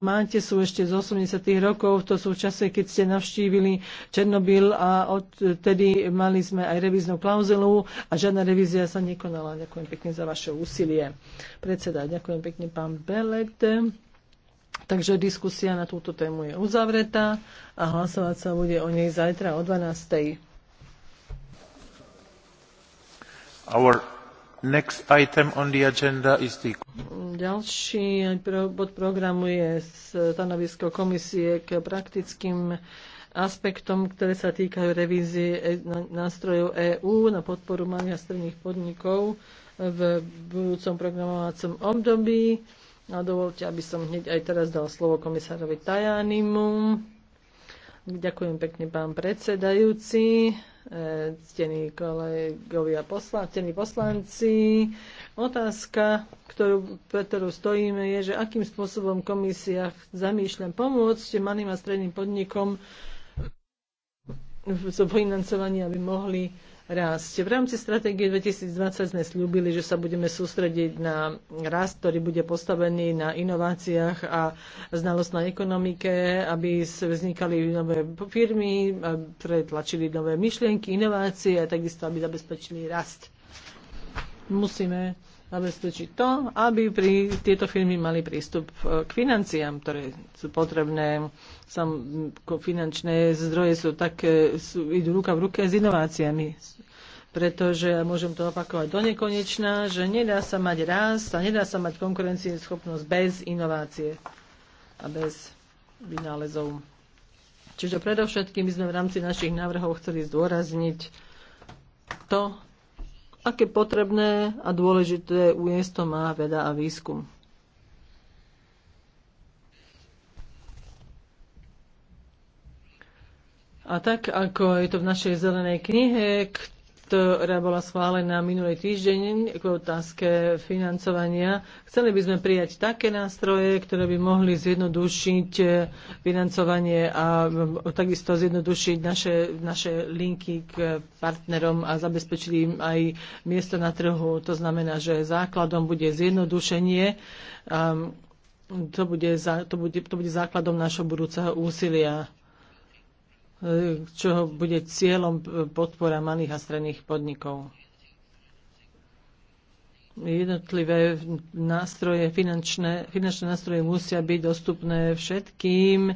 máte, sú ešte z 80. rokov. To sú čase, keď ste navštívili Černobyl a odtedy mali sme aj revíznu klauzulu a žiadna revízia sa nekonala. Ďakujem pekne za vaše úsilie. Predseda, ďakujem pekne pán Belet. Takže diskusia na túto tému je uzavretá a hlasovať sa bude o nej zajtra o 12. Our The... Ďalší bod programu je stanovisko komisie k praktickým aspektom, ktoré sa týkajú revízie e, nástrojov EÚ na podporu malých a stredných podnikov v budúcom programovacom období. A dovolte, aby som hneď aj teraz dal slovo komisárovi Tajanimu. Ďakujem pekne, pán predsedajúci, e, ctení kolegovia posla, ctení poslanci. Otázka, ktorú, pre ktorú stojíme, je, že akým spôsobom komisia zamýšľa pomôcť malým a stredným podnikom zo financovania, aby mohli rásť. V rámci stratégie 2020 sme slúbili, že sa budeme sústrediť na rast, ktorý bude postavený na inováciách a znalostnej ekonomike, aby vznikali nové firmy, pretlačili nové myšlienky, inovácie a takisto, aby zabezpečili rast. Musíme zabezpečiť to, aby pri, tieto firmy mali prístup eh, k financiám, ktoré sú potrebné. Sam, finančné zdroje sú také, sú, idú ruka v ruke s inováciami pretože, ja môžem to opakovať do nekonečna, že nedá sa mať raz a nedá sa mať konkurencieschopnosť bez inovácie a bez vynálezov. Čiže predovšetkým sme v rámci našich návrhov chceli zdôrazniť to, aké potrebné a dôležité ujesto má veda a výskum. A tak, ako je to v našej zelenej knihe, ktorá bola schválená minulý týždeň k otázke financovania. Chceli by sme prijať také nástroje, ktoré by mohli zjednodušiť eh, financovanie a eh, takisto zjednodušiť naše, naše linky k eh, partnerom a zabezpečiť im aj miesto na trhu. To znamená, že základom bude zjednodušenie. To bude, to, bude, to bude základom našho budúceho úsilia čo bude cieľom podpora malých a stredných podnikov. Jednotlivé nástroje, finančné, finančné nástroje musia byť dostupné všetkým um,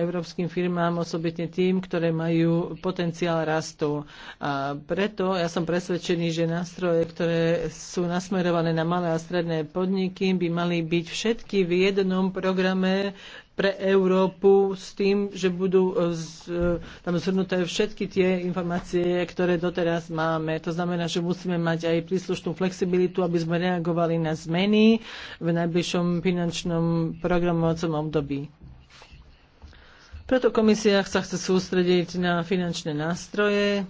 európskym firmám, osobitne tým, ktoré majú potenciál rastu. A preto ja som presvedčený, že nástroje, ktoré sú nasmerované na malé a stredné podniky, by mali byť všetky v jednom programe pre Európu s tým, že budú e, z, e, tam zhrnuté všetky tie informácie, ktoré doteraz máme. To znamená, že musíme mať aj príslušnú flexibilitu, aby sme reagovali na zmeny v najbližšom finančnom programovacom období. Preto komisia sa chce sústrediť na finančné nástroje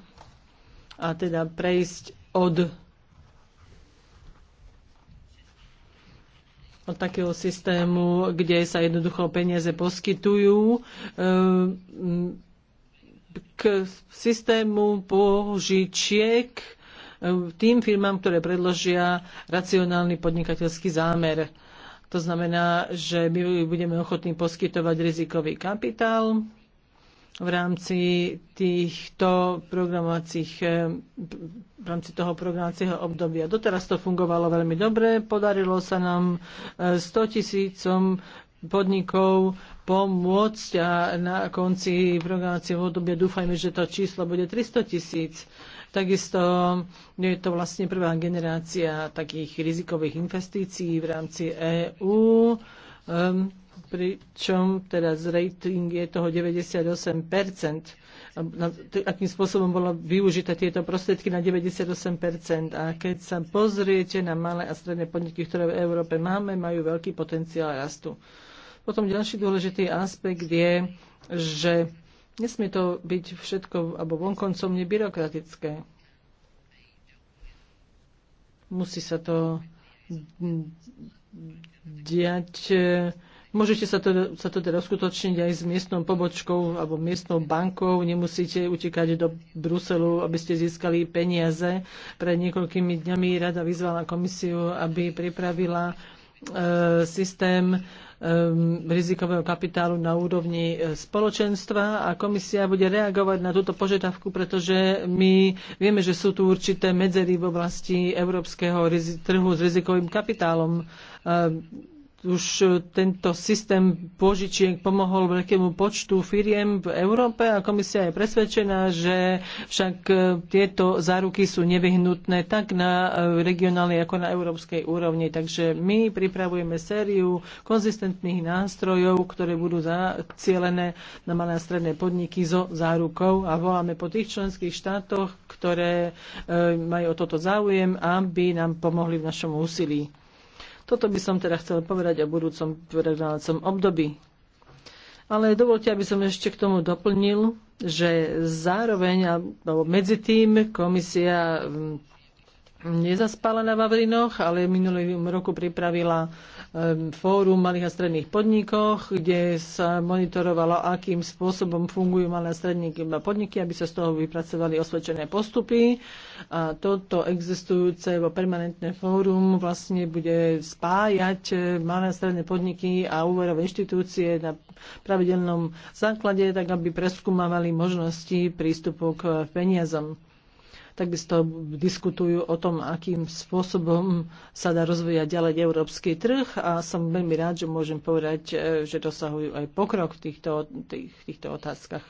a teda prejsť od od takého systému, kde sa jednoducho peniaze poskytujú eh, k systému požičiek eh, tým firmám, ktoré predložia racionálny podnikateľský zámer. To znamená, že my budeme ochotní poskytovať rizikový kapitál v rámci týchto programovacích eh, v rámci toho programovacieho obdobia. Doteraz to fungovalo veľmi dobre, podarilo sa nám 100 eh, tisícom podnikov pomôcť a na konci programovacieho obdobia dúfajme, že to číslo bude 300 tisíc. Takisto je to vlastne prvá generácia takých rizikových investícií v rámci EÚ. Um, ehm, pričom teraz rating je toho 98%. Akým spôsobom bolo využité tieto prostriedky na 98%. A keď sa pozriete na malé a stredné podniky, ktoré v Európe máme, majú veľký potenciál rastu. Potom ďalší dôležitý aspekt je, že nesmie to byť všetko alebo vonkoncom nebyrokratické. Musí sa to diať Môžete sa to, teda, sa to teda uskutočniť aj s miestnou pobočkou alebo miestnou bankou. Nemusíte utekať do Bruselu, aby ste získali peniaze. Pred niekoľkými dňami rada vyzvala komisiu, aby pripravila e, systém e, rizikového kapitálu na úrovni e, spoločenstva a komisia bude reagovať na túto požiadavku, pretože my vieme, že sú tu určité medzery v oblasti európskeho trhu s rizikovým kapitálom. E, už e, tento systém požičiek pomohol veľkému počtu firiem v Európe a komisia je presvedčená, že však e, tieto záruky sú nevyhnutné tak na e, regionálnej ako na európskej úrovni. Takže my pripravujeme sériu konzistentných nástrojov, ktoré budú zacielené na malé a stredné podniky so zárukou a voláme po tých členských štátoch, ktoré majú o toto záujem, aby nám pomohli v našom úsilí. Toto by som teda chcela povedať o budúcom programovacom období. Ale dovolte, aby som ešte k tomu doplnil, že zároveň, alebo medzi tým komisia mm, nezaspala na Vavrinoch, ale minulý roku pripravila fórum malých a stredných podnikoch, kde sa monitorovalo, akým spôsobom fungujú malé a stredné podniky, aby sa z toho vypracovali osvedčené postupy. A toto existujúce vo permanentné fórum vlastne bude spájať eh, malé a stredné podniky a úverové inštitúcie na pravidelnom základe, tak aby preskúmavali možnosti prístupu k peniazom takisto diskutujú o tom, akým spôsobom sa dá rozvíjať ďalej európsky trh a som veľmi rád, že môžem povedať, e, že dosahujú aj pokrok v týchto, tých, týchto otázkach.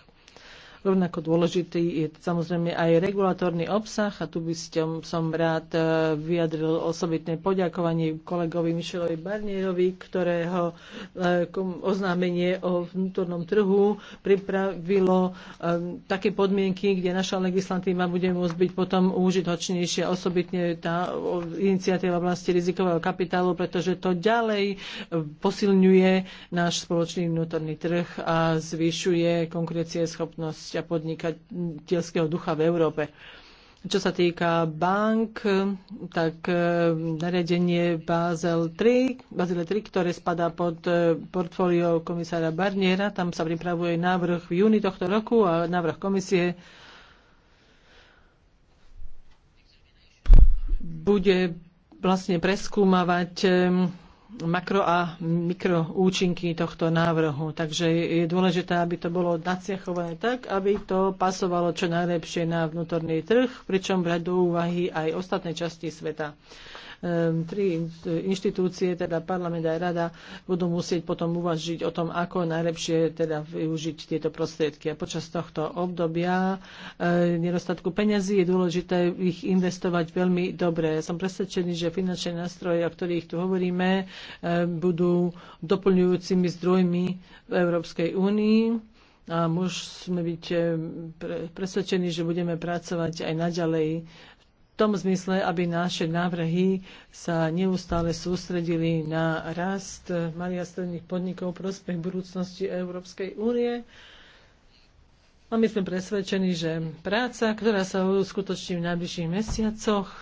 Rovnako dôležitý je samozrejme aj regulatórny obsah a tu by som, som rád e, vyjadril osobitné poďakovanie kolegovi Michelovi Barnierovi, ktorého e, oznámenie o vnútornom trhu pripravilo e, také podmienky, kde naša legislatíva bude môcť byť potom užitočnejšia, osobitne tá iniciatíva oblasti rizikového kapitálu, pretože to ďalej posilňuje náš spoločný vnútorný trh a zvyšuje konkurencieschopnosť a podnikateľského ducha v Európe. Čo sa týka bank, tak e, nariadenie Basel 3, Basel 3, ktoré spadá pod e, portfólio komisára Barniera, tam sa pripravuje návrh v júni tohto roku a návrh komisie bude vlastne preskúmavať e, makro a mikroúčinky tohto návrhu. Takže je dôležité, aby to bolo naciachované tak, aby to pasovalo čo najlepšie na vnútorný trh, pričom brať do úvahy aj ostatné časti sveta. Ehm, tri e, inštitúcie, teda parlament aj rada, budú musieť potom uvažiť o tom, ako najlepšie teda využiť tieto prostriedky. A počas tohto obdobia e, nedostatku peňazí je dôležité ich investovať veľmi dobre. Som presvedčený, že finančné nástroje, o ktorých tu hovoríme, e, budú doplňujúcimi zdrojmi v Európskej únii a môžeme byť presvedčení, že budeme pracovať aj naďalej v tom zmysle, aby naše návrhy sa neustále sústredili na rast malých a stredných podnikov prospech budúcnosti Európskej únie. A my sme presvedčení, že práca, ktorá sa uskutoční v najbližších mesiacoch,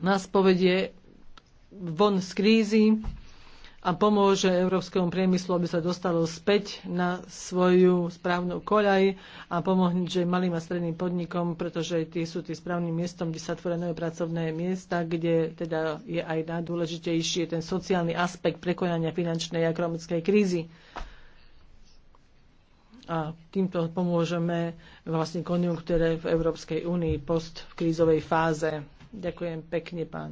nás povedie von z krízy, a pomôže európskemu priemyslu, aby sa dostalo späť na svoju správnu koľaj a pomôže malým a stredným podnikom, pretože tí sú tým správnym miestom, kde sa tvoria nové pracovné miesta, kde teda je aj najdôležitejší ten sociálny aspekt prekonania finančnej a ekonomickej krízy. A týmto pomôžeme vlastne konjunktúre v Európskej únii post v krízovej fáze. Ďakujem pekne, pán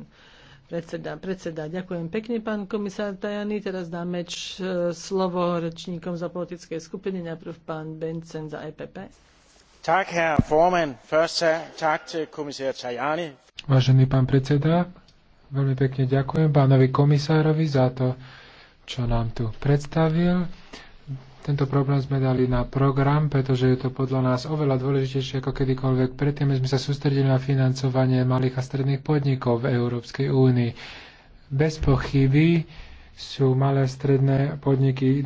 Predseda, predseda, ďakujem pekne, pán komisár Tajany. Teraz dáme č, e, slovo rečníkom za politické skupiny. Najprv pán Bencen za EPP. Tak, herr Forman. first, tak komisár Tajani. Vážený pán predseda, veľmi pekne ďakujem pánovi komisárovi za to, čo nám tu predstavil. Tento problém sme dali na program, pretože je to podľa nás oveľa dôležitejšie ako kedykoľvek. Predtým sme sa sústredili na financovanie malých a stredných podnikov v Európskej únii. Bez pochyby sú malé a stredné podniky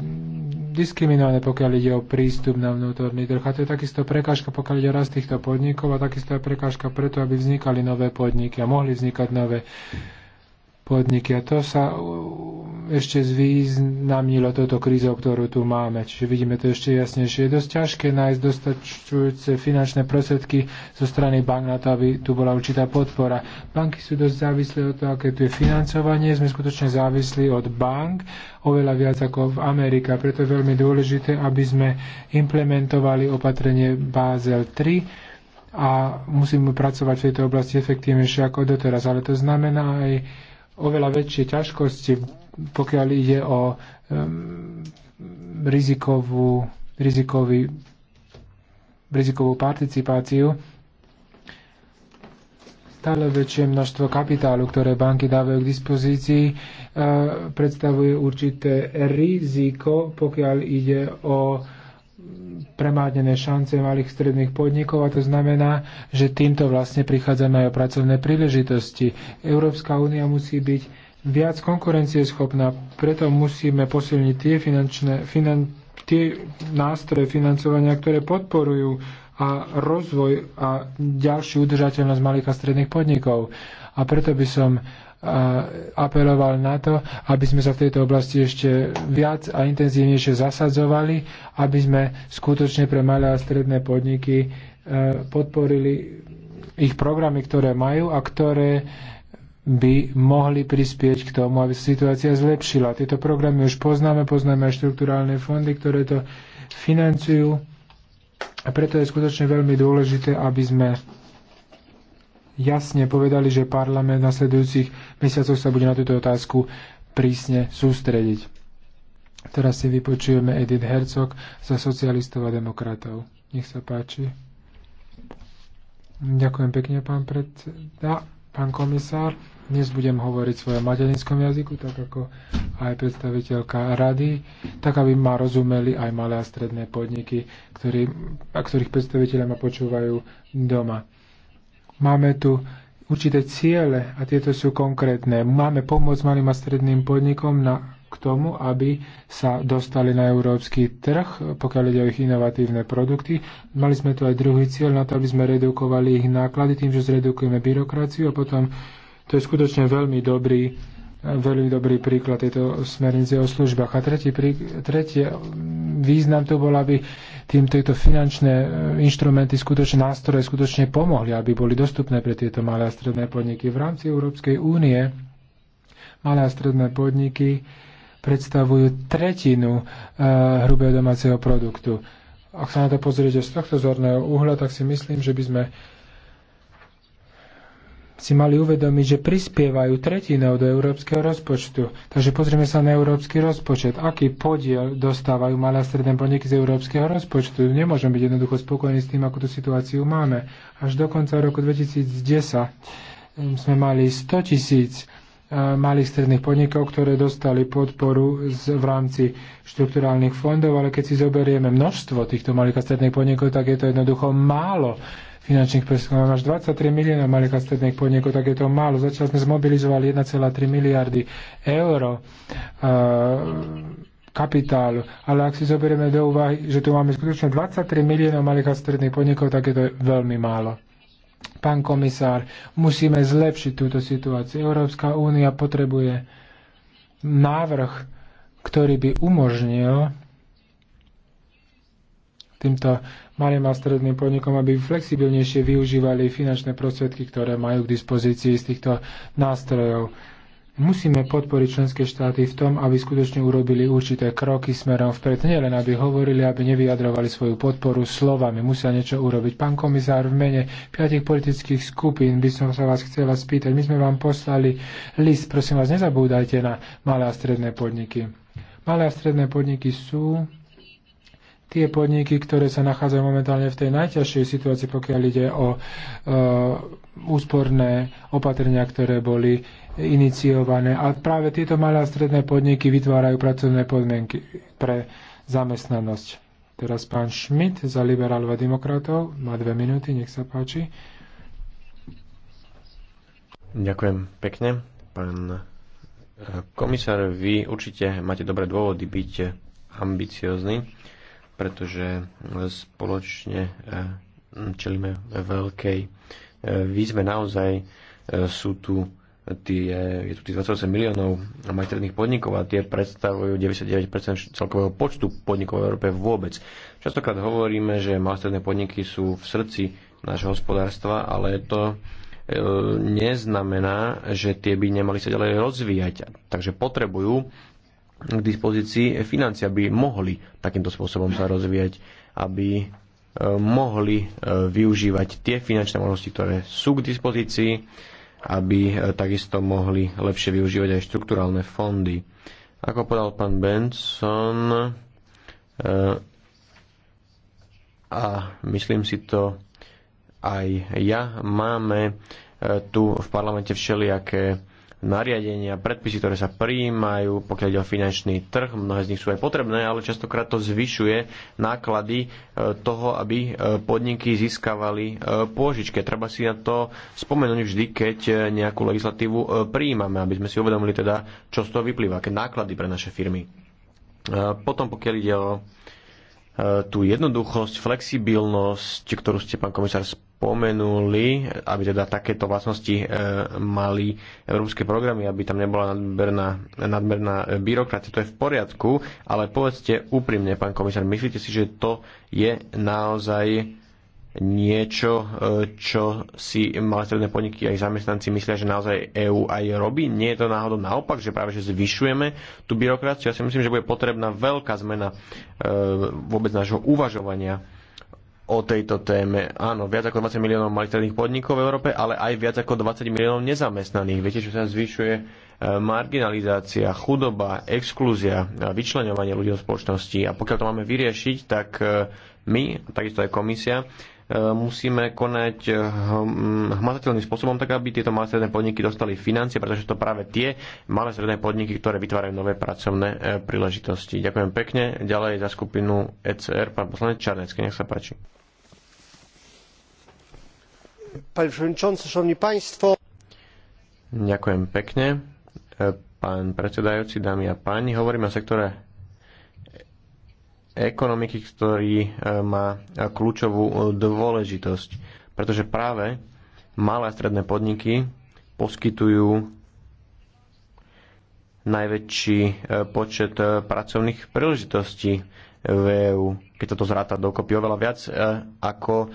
diskriminované, pokiaľ ide o prístup na vnútorný trh. A to je takisto prekážka, pokiaľ ide o rast týchto podnikov a takisto je prekážka preto, aby vznikali nové podniky a mohli vznikať nové podniky. A to sa ešte zvýznamnilo toto krízou, ktorú tu máme. Čiže vidíme to ešte jasnejšie. Je dosť ťažké nájsť dostačujúce finančné prostriedky zo strany bank na to, aby tu bola určitá podpora. Banky sú dosť závislé od toho, aké tu je financovanie. Sme skutočne závislí od bank, oveľa viac ako v Amerika. Preto je veľmi dôležité, aby sme implementovali opatrenie Basel 3 a musíme pracovať v tejto oblasti efektívnejšie ako doteraz. Ale to znamená aj oveľa väčšie ťažkosti pokiaľ ide o um, rizikovú, rizikový, rizikovú participáciu, stále väčšie množstvo kapitálu, ktoré banky dávajú k dispozícii, eh, predstavuje určité riziko, pokiaľ ide o mm, premádnené šance malých stredných podnikov a to znamená, že týmto vlastne prichádzame aj o pracovné príležitosti. Európska únia musí byť viac konkurencieschopná. Preto musíme posilniť tie, finančné, finan, tie nástroje financovania, ktoré podporujú a rozvoj a ďalšiu udržateľnosť malých a stredných podnikov. A preto by som apeloval na to, aby sme sa v tejto oblasti ešte viac a intenzívnejšie zasadzovali, aby sme skutočne pre malé a stredné podniky e, podporili ich programy, ktoré majú a ktoré by mohli prispieť k tomu, aby sa situácia zlepšila. Tieto programy už poznáme, poznáme aj štruktúrálne fondy, ktoré to financujú. A preto je skutočne veľmi dôležité, aby sme jasne povedali, že parlament v nasledujúcich mesiacoch sa bude na túto otázku prísne sústrediť. Teraz si vypočujeme Edith Herzog za socialistov a demokratov. Nech sa páči. Ďakujem pekne, pán predseda, pán komisár dnes budem hovoriť svojom materinskom jazyku, tak ako aj predstaviteľka rady, tak aby ma rozumeli aj malé a stredné podniky, ktorý, a ktorých predstaviteľe ma počúvajú doma. Máme tu určité ciele a tieto sú konkrétne. Máme pomôcť malým a stredným podnikom na, k tomu, aby sa dostali na európsky trh, pokiaľ ide o ich inovatívne produkty. Mali sme tu aj druhý cieľ na to, aby sme redukovali ich náklady tým, že zredukujeme byrokraciu a potom to je skutočne veľmi dobrý, veľmi dobrý príklad tejto smernice o službách. A tretí, tretie význam to bol, aby tým tieto finančné e, inštrumenty, skutočne nástroje skutočne pomohli, aby boli dostupné pre tieto malé a stredné podniky. V rámci Európskej únie malé a stredné podniky predstavujú tretinu e, hrubého domáceho produktu. Ak sa na to pozriete z tohto zorného uhla, tak si myslím, že by sme si mali uvedomiť, že prispievajú tretinou do európskeho rozpočtu. Takže pozrieme sa na európsky rozpočet. Aký podiel dostávajú malé a stredné podniky z európskeho rozpočtu? Nemôžem byť jednoducho spokojní s tým, ako tú situáciu máme. Až do konca roku 2010 eh, sme mali 100 tisíc eh, malých stredných podnikov, ktoré dostali podporu z, v rámci štrukturálnych fondov, ale keď si zoberieme množstvo týchto malých a stredných podnikov, tak je to jednoducho málo finančných preskúmov. Až 23 miliónov malých a stredných podnikov, tak je to málo. Začal sme zmobilizovali 1,3 miliardy eur uh, kapitálu. Ale ak si zoberieme do úvahy, že tu máme skutočne 23 miliónov malých a stredných podnikov, tak je to veľmi málo pán komisár, musíme zlepšiť túto situáciu. Európska únia potrebuje návrh, ktorý by umožnil týmto malým a stredným podnikom, aby flexibilnejšie využívali finančné prostriedky, ktoré majú k dispozícii z týchto nástrojov. Musíme podporiť členské štáty v tom, aby skutočne urobili určité kroky smerom vpred, nielen aby hovorili, aby nevyjadrovali svoju podporu slovami. Musia niečo urobiť. Pán komisár, v mene piatich politických skupín by som sa vás chcela spýtať. My sme vám poslali list. Prosím vás, nezabúdajte na malé a stredné podniky. Malé a stredné podniky sú tie podniky, ktoré sa nachádzajú momentálne v tej najťažšej situácii, pokiaľ ide o e, úsporné opatrenia, ktoré boli iniciované. A práve tieto malé a stredné podniky vytvárajú pracovné podmienky pre zamestnanosť. Teraz pán Schmidt za liberálov a demokratov. Má dve minúty, nech sa páči. Ďakujem pekne. Pán e, komisár, vy určite máte dobré dôvody byť ambiciózny pretože e, spoločne e, čelíme veľkej e, výzve. Naozaj sú tu tie, je tu tých 28 miliónov majstredných podnikov a tie predstavujú 99% celkového počtu podnikov v Európe vôbec. Častokrát hovoríme, že majstredné podniky sú v srdci nášho hospodárstva, ale to neznamená, že tie by nemali sa ďalej rozvíjať. Takže potrebujú k dispozícii financie, aby mohli takýmto spôsobom sa rozvíjať, aby e, mohli e, využívať tie finančné možnosti, ktoré sú k dispozícii, aby e, takisto mohli lepšie využívať aj štrukturálne fondy. Ako povedal pán Benson, a myslím si to aj ja, máme tu v parlamente všelijaké nariadenia, predpisy, ktoré sa prijímajú, pokiaľ ide o finančný trh, mnohé z nich sú aj potrebné, ale častokrát to zvyšuje náklady e, toho, aby e, podniky získavali e, pôžičke. Treba si na to spomenúť vždy, keď nejakú legislatívu prijímame, aby sme si uvedomili teda, čo z toho vyplýva, aké náklady pre naše firmy. Potom, pokiaľ ide o Eh, tú jednoduchosť, flexibilnosť, ktorú ste, pán komisár, spomenuli, aby teda takéto vlastnosti eh, mali európske programy, aby tam nebola nadmerná, nadmerná eh, byrokracia. To je v poriadku, ale povedzte úprimne, pán komisár, myslíte si, že to je naozaj niečo, e, čo si malé stredné podniky aj zamestnanci myslia, že naozaj EÚ aj robí. Nie je to náhodou naopak, že práve že zvyšujeme tú byrokraciu. Ja si myslím, že bude potrebná veľká zmena e, vôbec nášho uvažovania o tejto téme. Áno, viac ako 20 miliónov malých stredných podnikov v Európe, ale aj viac ako 20 miliónov nezamestnaných. Viete, čo sa zvyšuje? E, marginalizácia, chudoba, exklúzia, vyčlenovanie ľudí do spoločnosti. A pokiaľ to máme vyriešiť, tak my, takisto aj komisia, musíme konať eh, hm, hmatateľným spôsobom, tak aby tieto malé stredné podniky dostali financie, pretože to práve tie malé stredné podniky, ktoré vytvárajú nové pracovné eh, príležitosti. Ďakujem pekne. Ďalej za skupinu ECR pán poslanec Čarnecký, nech sa páči. Pán predsedajúci, szanowni państwo. Ďakujem pekne. Eh, pán predsedajúci, dámy a páni, hovoríme o sektore ekonomiky, ktorý e, má e, kľúčovú e, dôležitosť. Pretože práve malé a stredné podniky poskytujú najväčší počet pracovných príležitostí v EU, Keď toto zráta dokopy oveľa viac ako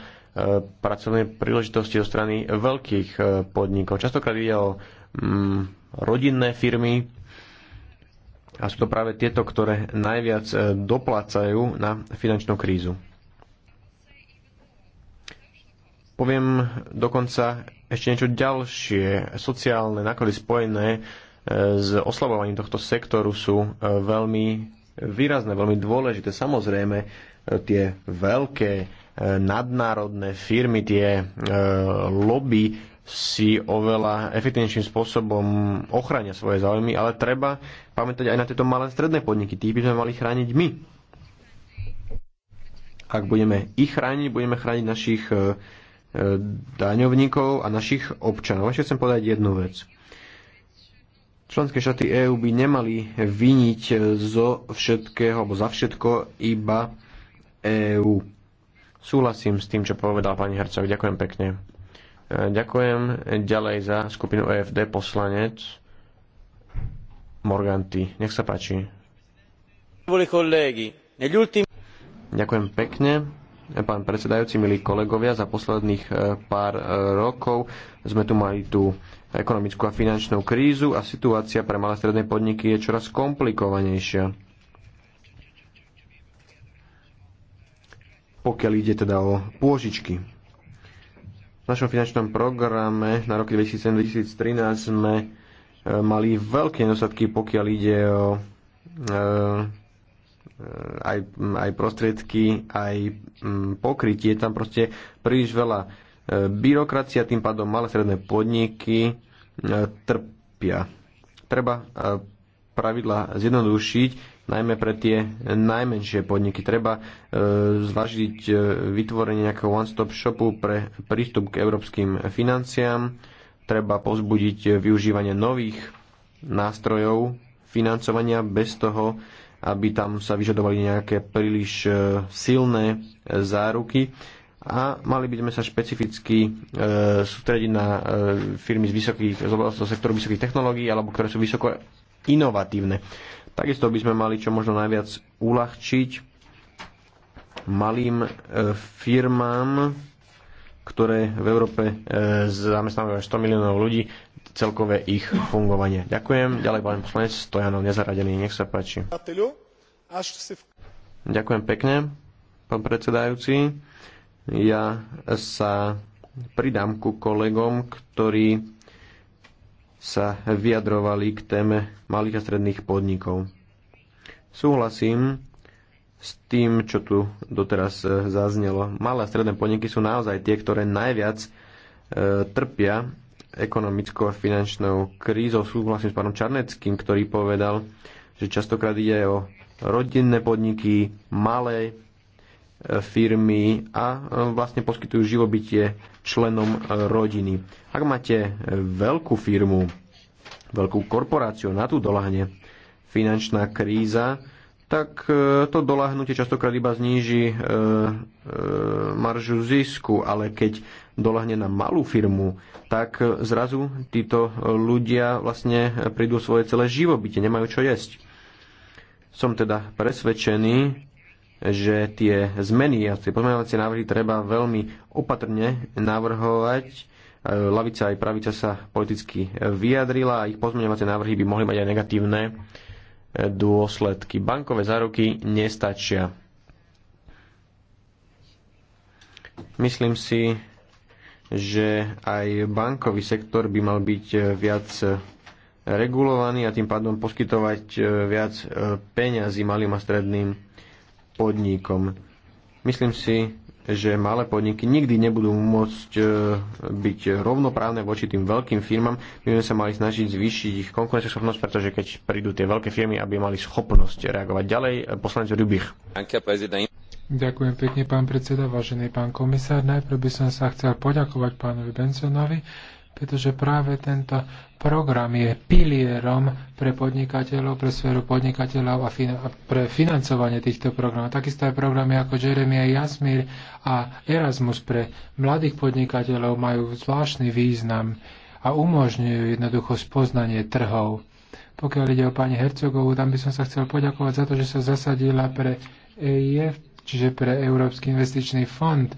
pracovné príležitosti zo strany veľkých podnikov. Častokrát ide o mm, rodinné firmy, a sú to práve tieto, ktoré najviac e, doplácajú na finančnú krízu. Poviem dokonca ešte niečo ďalšie. Sociálne náklady spojené e, s oslabovaním tohto sektoru sú e, veľmi výrazné, veľmi dôležité. Samozrejme, tie veľké nadnárodné firmy, tie lobby si oveľa efektívnejším spôsobom ochránia svoje záujmy, ale treba pamätať aj na tieto malé stredné podniky. Tých by sme mali chrániť my. Ak budeme ich chrániť, budeme chrániť našich e, e, daňovníkov a našich občanov. Ešte chcem povedať jednu vec. Členské štáty EÚ by nemali vyniť zo všetkého alebo za všetko iba EÚ. Súhlasím s tým, čo povedal pani Hercog. Ďakujem pekne. Ďakujem ďalej za skupinu EFD poslanec Morganti. Nech sa páči. Ďakujem pekne. Pán predsedajúci, milí kolegovia, za posledných e, pár e, rokov sme tu mali tú ekonomickú a finančnú krízu a situácia pre malé stredné podniky je čoraz komplikovanejšia. Pokiaľ ide teda o pôžičky v našom finančnom programe na roky 2007-2013 sme e, mali veľké nedostatky, pokiaľ ide o e, e, aj, aj prostriedky, aj pokrytie. tam proste príliš veľa byrokracia, tým pádom malé stredné podniky trpia. Treba pravidla zjednodušiť, najmä pre tie najmenšie podniky. Treba e, zvažiť e, vytvorenie nejakého one-stop shopu pre prístup k európskym financiám, treba pozbudiť e, využívanie nových nástrojov financovania bez toho, aby tam sa vyžadovali nejaké príliš silné záruky a mali by sme sa špecificky e, sústrediť na e, firmy z, vysokých, z sektoru vysokých technológií alebo ktoré sú vysoko inovatívne. Takisto by sme mali čo možno najviac uľahčiť malým e, firmám, ktoré v Európe e, zamestnávajú až 100 miliónov ľudí, celkové ich fungovanie. Ďakujem. Ďalej pán poslanec Stojanov, nezaradený, nech sa páči. Ďakujem pekne, pán predsedajúci. Ja sa pridám ku kolegom, ktorí sa vyjadrovali k téme malých a stredných podnikov. Súhlasím s tým, čo tu doteraz e, zaznelo. Malé a stredné podniky sú naozaj tie, ktoré najviac e, trpia ekonomickou a finančnou krízou. Súhlasím s pánom Čarneckým, ktorý povedal, že častokrát ide o rodinné podniky, malé firmy a e, vlastne poskytujú živobytie členom e, rodiny. Ak máte e, veľkú firmu, veľkú korporáciu, na tú doláhne finančná kríza, tak to doláhnutie častokrát iba zníži maržu zisku, ale keď doláhne na malú firmu, tak zrazu títo ľudia vlastne prídu svoje celé živobytie, nemajú čo jesť. Som teda presvedčený, že tie zmeny a tie pozmeňovacie návrhy treba veľmi opatrne navrhovať. E, lavica aj pravica sa politicky vyjadrila a ich pozmeňovacie návrhy by mohli mať aj negatívne e, dôsledky. Bankové záruky nestačia. Myslím si, že aj bankový sektor by mal byť e, viac regulovaný a tým pádom poskytovať viac peňazí malým a stredným podnikom. Myslím si, že malé podniky nikdy nebudú môcť e, byť rovnoprávne voči tým veľkým firmám. My sme sa mali snažiť zvýšiť ich konkurenceschopnosť, pretože keď prídu tie veľké firmy, aby mali schopnosť reagovať. Ďalej, e, poslanec Rubich. Ďakujem pekne, pán predseda, vážený pán komisár. Najprv by som sa chcel poďakovať pánovi Bensonovi pretože práve tento program je pilierom pre podnikateľov, pre sféru podnikateľov a, fin- a pre financovanie týchto programov. Takisto aj programy ako a Jasmír a Erasmus pre mladých podnikateľov majú zvláštny význam a umožňujú jednoducho spoznanie trhov. Pokiaľ ide o pani Hercogovú, tam by som sa chcel poďakovať za to, že sa zasadila pre EIF, čiže pre Európsky investičný fond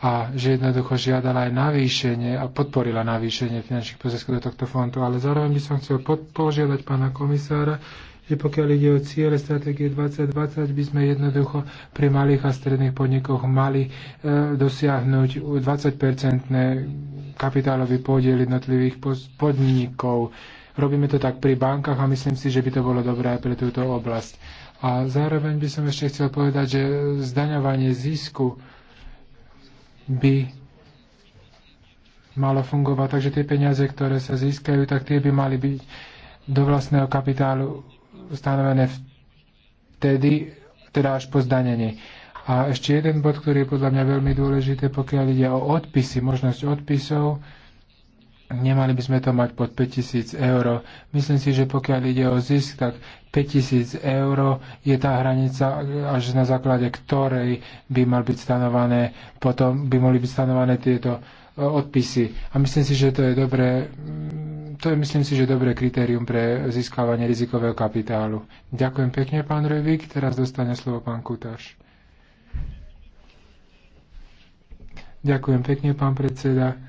a že jednoducho žiadala aj navýšenie a podporila navýšenie finančných prostriedkov do tohto fondu. Ale zároveň by som chcel požiadať pána komisára, že pokiaľ ide o ciele stratégie 2020, by sme jednoducho pri malých a stredných podnikoch mali e, dosiahnuť 20-percentné kapitálový podiel jednotlivých podnikov. Robíme to tak pri bankách a myslím si, že by to bolo dobré aj pre túto oblasť. A zároveň by som ešte chcel povedať, že zdaňovanie zisku by malo fungovať. Takže tie peniaze, ktoré sa získajú, tak tie by mali byť do vlastného kapitálu stanovené vtedy, teda až po zdanení. A ešte jeden bod, ktorý je podľa mňa veľmi dôležité, pokiaľ ide o odpisy, možnosť odpisov, nemali by sme to mať pod 5000 eur. Myslím si, že pokiaľ ide o zisk, tak 5000 eur je tá hranica, až na základe ktorej by mal byť stanované, potom by mohli byť stanované tieto e, odpisy. A myslím si, že to je dobré, mm, to je myslím si, že dobré kritérium pre získavanie rizikového kapitálu. Ďakujem pekne, pán Rojvík. Teraz dostane slovo pán Kutáš. Ďakujem pekne, pán predseda.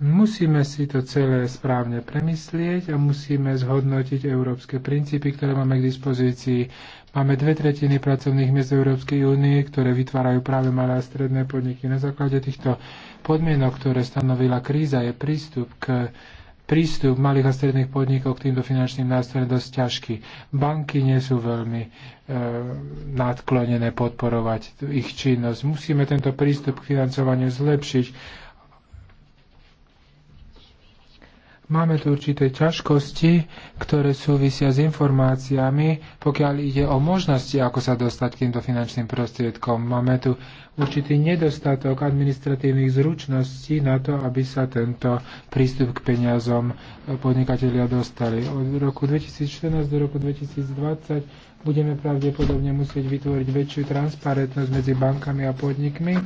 Musíme si to celé správne premyslieť a musíme zhodnotiť európske princípy, ktoré máme k dispozícii. Máme dve tretiny pracovných miest Európskej únie, ktoré vytvárajú práve malé a stredné podniky. Na základe týchto podmienok, ktoré stanovila kríza, je prístup k prístup malých a stredných podnikov k týmto finančným nástrojom dosť ťažký. Banky nie sú veľmi e, nadklonené podporovať ich činnosť. Musíme tento prístup k financovaniu zlepšiť Máme tu určité ťažkosti, ktoré súvisia s informáciami, pokiaľ ide o možnosti, ako sa dostať k týmto finančným prostriedkom. Máme tu určitý nedostatok administratívnych zručností na to, aby sa tento prístup k peniazom podnikatelia dostali. Od roku 2014 do roku 2020 budeme pravdepodobne musieť vytvoriť väčšiu transparentnosť medzi bankami a podnikmi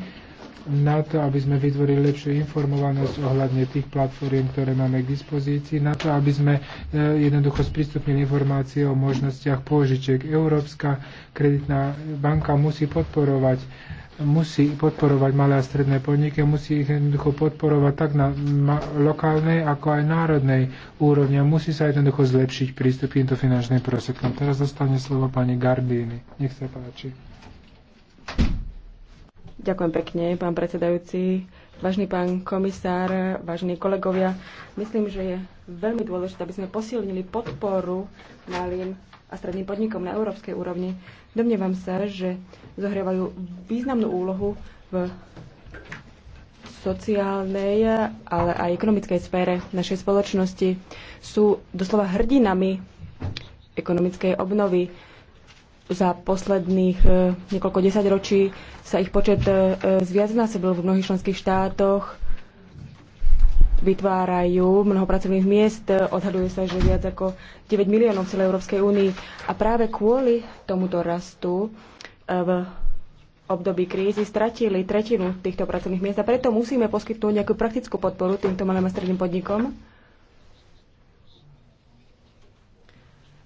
na to, aby sme vytvorili lepšiu informovanosť ohľadne tých platform, ktoré máme k dispozícii, na to, aby sme e, jednoducho sprístupnili informácie o možnostiach pôžičiek. Európska kreditná banka musí podporovať musí podporovať malé a stredné podniky, musí ich jednoducho podporovať tak na lokálnej, ako aj národnej úrovni a musí sa jednoducho zlepšiť prístup týmto finančným prostriedkom. Teraz zostane slovo pani Gardini. Nech sa páči. Ďakujem pekne, pán predsedajúci. vážny pán komisár, vážení kolegovia, myslím, že je veľmi dôležité, aby sme posilnili podporu malým a stredným podnikom na európskej úrovni. Domnievam sa, že zohrievajú významnú úlohu v sociálnej, ale aj ekonomickej sfére našej spoločnosti. Sú doslova hrdinami ekonomickej obnovy za posledných e, niekoľko desaťročí sa ich počet e, zviacnásobil v mnohých členských štátoch. Vytvárajú mnoho pracovných miest, e, odhaduje sa, že viac ako 9 miliónov v celej Európskej únii. A práve kvôli tomuto rastu v období krízy stratili tretinu týchto pracovných miest a preto musíme poskytnúť nejakú praktickú podporu týmto malým a stredným podnikom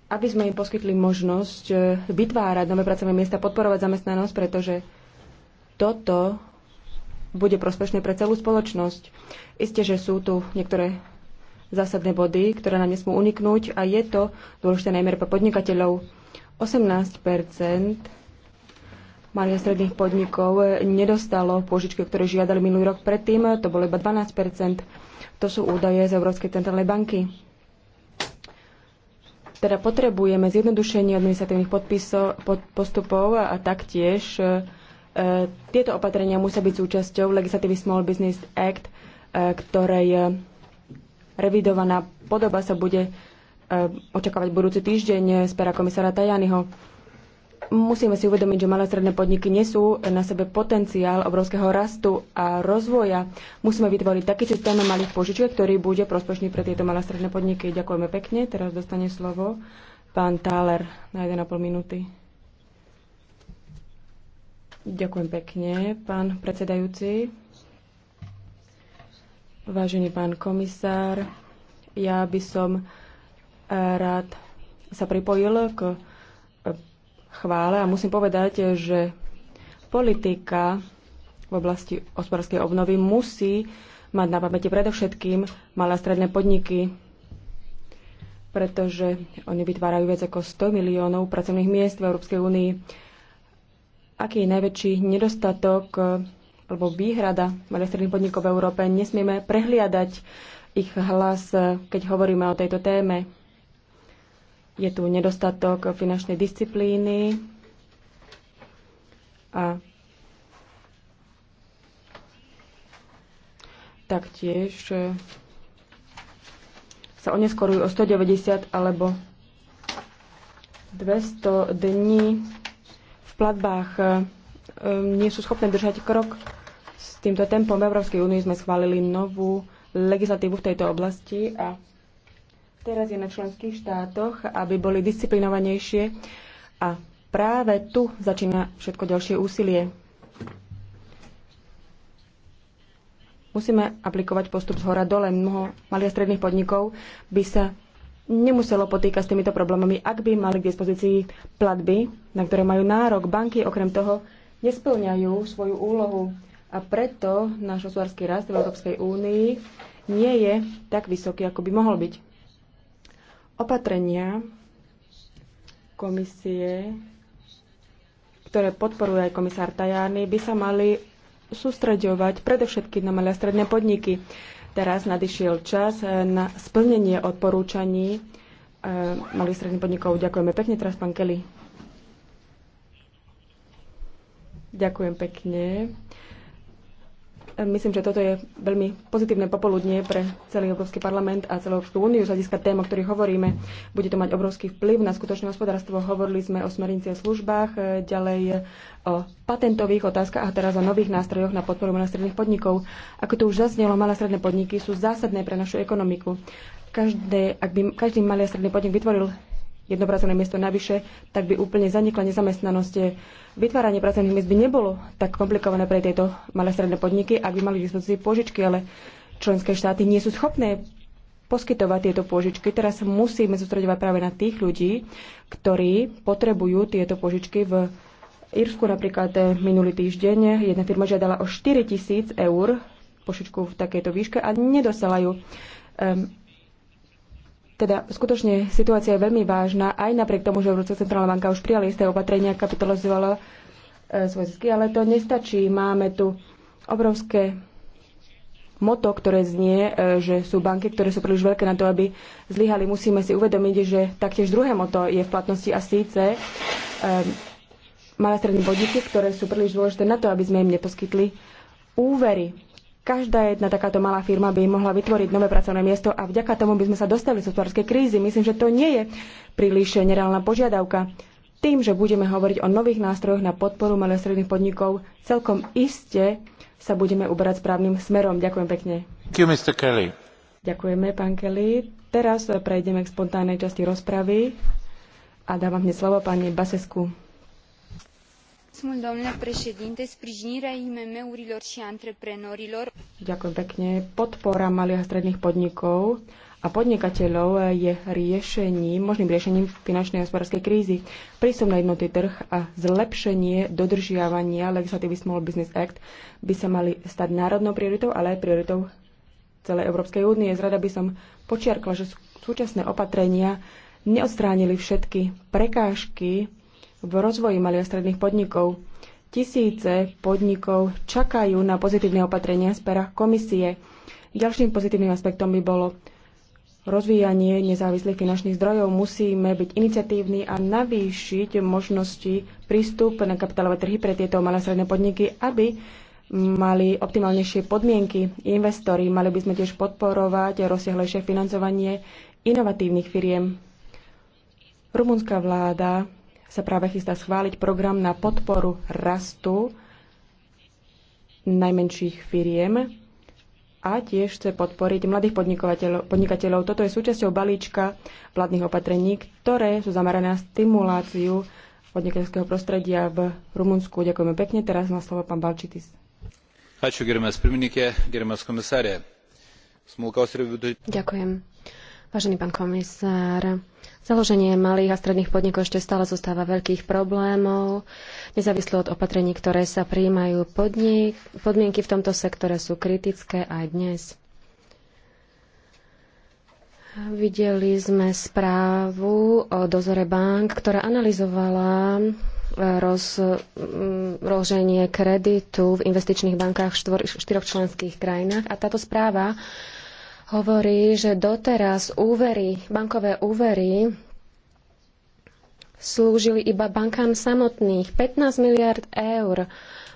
aby sme im poskytli možnosť e, vytvárať nové pracovné miesta, podporovať zamestnanosť, pretože toto bude prospešné pre celú spoločnosť. Isté, že sú tu niektoré zásadné body, ktoré nám nesmú uniknúť a je to dôležité najmä pre podnikateľov. 18 malých a stredných podnikov e, nedostalo pôžičky, ktoré žiadali minulý rok predtým, to bolo iba 12 To sú údaje z Európskej centrálnej banky. Teda potrebujeme zjednodušenie administratívnych podpisov, pod, postupov a taktiež e, e, tieto opatrenia musia byť súčasťou legislatívy Small Business Act, e, ktorej e, revidovaná podoba sa bude e, očakávať budúci týždeň z pera komisára Tajaniho. Musíme si uvedomiť, že malé stredné podniky nesú na sebe potenciál obrovského rastu a rozvoja. Musíme vytvoriť taký systém malých požičiek, ktorý bude prospešný pre tieto malé stredné podniky. Ďakujeme pekne. Teraz dostane slovo pán Táler na 1,5 minúty. Ďakujem pekne, pán predsedajúci. Vážený pán komisár, ja by som rád sa pripojil k chvále a musím povedať, že politika v oblasti hospodárskej obnovy musí mať na pamäti predovšetkým malé a stredné podniky, pretože oni vytvárajú viac ako 100 miliónov pracovných miest v Európskej únii. Aký je najväčší nedostatok eh, alebo výhrada malých stredných podnikov v Európe? Nesmieme prehliadať ich hlas, eh, keď hovoríme o tejto téme. Je tu nedostatok finančnej disciplíny a taktiež eh, sa oneskorujú o 190 alebo 200 dní v platbách eh, eh, nie sú schopné držať krok s týmto tempom. V Európskej únii sme schválili novú legislatívu v tejto oblasti a Teraz je na členských štátoch, aby boli disciplinovanejšie a práve tu začína všetko ďalšie úsilie. Musíme aplikovať postup z hora dole. Mnoho malých a stredných podnikov by sa nemuselo potýkať s týmito problémami, ak by mali k dispozícii platby, na ktoré majú nárok. Banky okrem toho nesplňajú svoju úlohu a preto náš hospodársky rast v Európskej únii nie je tak vysoký, ako by mohol byť. Opatrenia komisie, ktoré podporuje aj komisár Tajány, by sa mali sústreďovať predovšetkým na malé a stredné podniky. Teraz nadišiel čas na splnenie odporúčaní eh, malých a stredných podnikov. Ďakujeme pekne. Teraz pán Kelly. Ďakujem pekne. Myslím, že toto je veľmi pozitívne popoludnie pre celý Európsky parlament a celú Európsku úniu z hľadiska tém, o ktorých hovoríme. Bude to mať obrovský vplyv na skutočné hospodárstvo. Hovorili sme o smernici a službách, e, ďalej o patentových otázkach a teraz o nových nástrojoch na podporu malých stredných podnikov. Ako to už zaznelo, malé stredné podniky sú zásadné pre našu ekonomiku. Každé, ak by každý malý a stredný podnik vytvoril jedno pracovné miesto navyše, tak by úplne zanikla nezamestnanosť. Vytváranie pracovných miest by nebolo tak komplikované pre tieto malé stredné podniky, ak by mali k dispozícii požičky, ale členské štáty nie sú schopné poskytovať tieto požičky. Teraz musíme sústredovať práve na tých ľudí, ktorí potrebujú tieto požičky v Irsku napríklad minulý týždeň jedna firma žiadala o 4 tisíc eur pošičku v takejto výške a nedostala ju. Um, teda skutočne situácia je veľmi vážna, aj napriek tomu, že Európska centrálna banka už prijala isté opatrenia, kapitalizovala e, svoje zisky, ale to nestačí. Máme tu obrovské moto, ktoré znie, e, že sú banky, ktoré sú príliš veľké na to, aby zlyhali. Musíme si uvedomiť, že taktiež druhé moto je v platnosti a síce e, malé stredné podniky, ktoré sú príliš dôležité na to, aby sme im neposkytli úvery. Každá jedna takáto malá firma by mohla vytvoriť nové pracovné miesto a vďaka tomu by sme sa dostali z hospodárskej krízy. Myslím, že to nie je príliš nereálna požiadavka. Tým, že budeme hovoriť o nových nástrojoch na podporu malých stredných podnikov, celkom iste sa budeme uberať správnym smerom. Ďakujem pekne. You, Ďakujeme, pán Kelly. Teraz prejdeme k spontánnej časti rozpravy a dávam hneď slovo pani Basesku sprijinirea imm urilor i antreprenorilor Ďakujem pekne. Podpora malých a stredných podnikov a podnikateľov je riešením, možným riešením finančnej a hospodárskej krízy. Prísom na jednotný trh a zlepšenie dodržiavania legislatívy Small Business Act by sa mali stať národnou prioritou, ale aj prioritou celej Európskej únie. Zrada by som počiarkla, že súčasné opatrenia neodstránili všetky prekážky v rozvoji malých a stredných podnikov. Tisíce podnikov čakajú na pozitívne opatrenia z pera komisie. Ďalším pozitívnym aspektom by bolo rozvíjanie nezávislých finančných zdrojov. Musíme byť iniciatívni a navýšiť možnosti prístup na kapitálové trhy pre tieto malé a stredné podniky, aby mali optimálnejšie podmienky investori. Mali by sme tiež podporovať rozsiahlejšie financovanie inovatívnych firiem. Rumunská vláda sa práve chystá schváliť program na podporu rastu najmenších firiem a tiež chce podporiť mladých podnikateľov. podnikateľov. Toto je súčasťou balíčka vládnych opatrení, ktoré sú zamerané na stimuláciu podnikateľského prostredia v Rumunsku. Ďakujeme pekne. Teraz má slovo pán Balčitis. Ďakujem. Vážený pán komisár, založenie malých a stredných podnikov ešte stále zostáva veľkých problémov. Nezávisle od opatrení, ktoré sa prijímajú podnik, podmienky v tomto sektore sú kritické aj dnes. Videli sme správu o dozore bank, ktorá analyzovala e, rozloženie kreditu v investičných bankách v štyroch členských krajinách a táto správa hovorí, že doteraz úvery, bankové úvery slúžili iba bankám samotných. 15 miliard eur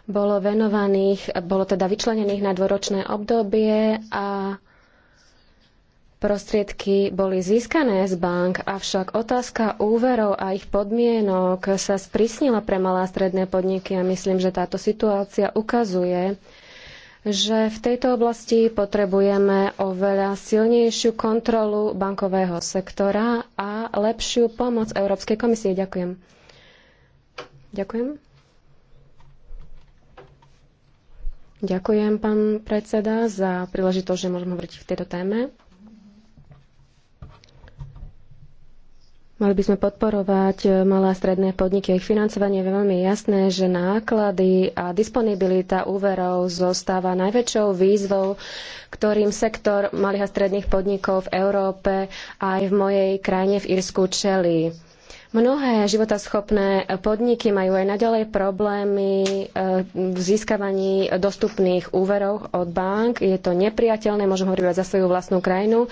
bolo venovaných, bolo teda vyčlenených na dvoročné obdobie a prostriedky boli získané z bank, avšak otázka úverov a ich podmienok sa sprísnila pre malé a stredné podniky a myslím, že táto situácia ukazuje, že v tejto oblasti potrebujeme oveľa silnejšiu kontrolu bankového sektora a lepšiu pomoc Európskej komisie. Ďakujem. Ďakujem. Ďakujem, pán predseda, za príležitosť, že môžem hovoriť v tejto téme. Mali by sme podporovať e, malé a stredné podniky. Ich financovanie je veľmi jasné, že náklady a disponibilita úverov zostáva najväčšou výzvou, ktorým sektor malých a stredných podnikov v Európe a aj v mojej krajine v Irsku čelí. Mnohé životaschopné podniky majú aj naďalej problémy e, v získavaní dostupných úverov od bank. Je to nepriateľné, môžem hovoriť za svoju vlastnú krajinu,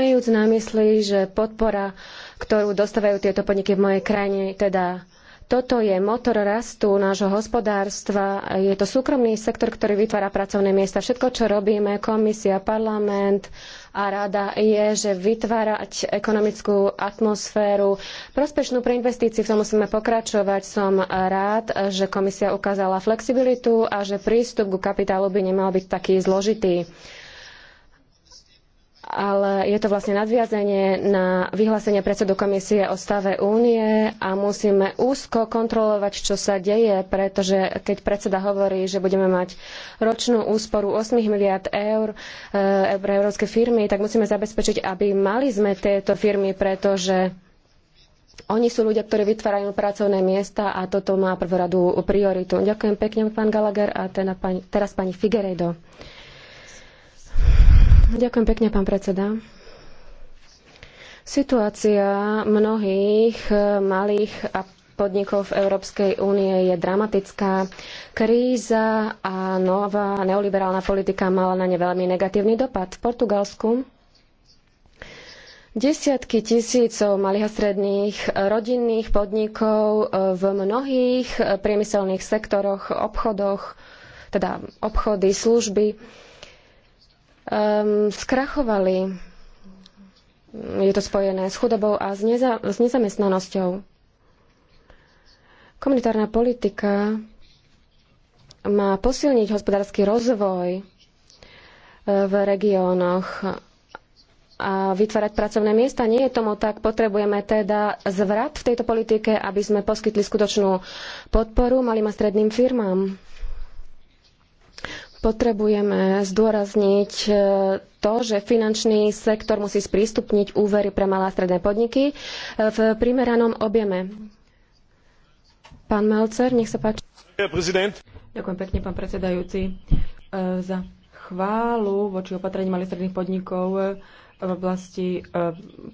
majúc na mysli, že podpora ktorú dostávajú tieto podniky v mojej krajine. Teda toto je motor rastu nášho hospodárstva. Je to súkromný sektor, ktorý vytvára pracovné miesta. Všetko, čo robíme, komisia, parlament a rada, je, že vytvárať ekonomickú atmosféru prospešnú pre investície. V tom musíme pokračovať. Som rád, že komisia ukázala flexibilitu a že prístup ku kapitálu by nemal byť taký zložitý ale je to vlastne nadviazanie na vyhlásenie predsedu komisie o stave únie a musíme úzko kontrolovať, čo sa deje, pretože keď predseda hovorí, že budeme mať ročnú úsporu 8 miliard eur eh, pre európske firmy, tak musíme zabezpečiť, aby mali sme tieto firmy, pretože oni sú ľudia, ktorí vytvárajú pracovné miesta a toto má prvoradú prioritu. Ďakujem pekne, pán Gallagher, a teraz pani Figueredo. Ďakujem pekne, pán predseda. Situácia mnohých eh, malých a podnikov v Európskej únie je dramatická. Kríza a nová neoliberálna politika mala na ne veľmi negatívny dopad. V Portugalsku Desiatky tisícov malých a stredných rodinných podnikov eh, v mnohých eh, priemyselných sektoroch, obchodoch, teda obchody, služby, um, skrachovali. Je to spojené s chudobou a s, neza- s nezamestnanosťou. Komunitárna politika má posilniť hospodársky rozvoj eh, v regiónoch a vytvárať pracovné miesta. Nie je tomu tak. Potrebujeme teda zvrat v tejto politike, aby sme poskytli skutočnú podporu malým a stredným firmám. Potrebujeme zdôrazniť e, to, že finančný sektor musí sprístupniť úvery pre malé a stredné podniky e, v primeranom objeme. Pán Melcer, nech sa páči. Ďakujem pekne, pán predsedajúci, e, za chválu voči opatrení malých stredných podnikov v oblasti eh,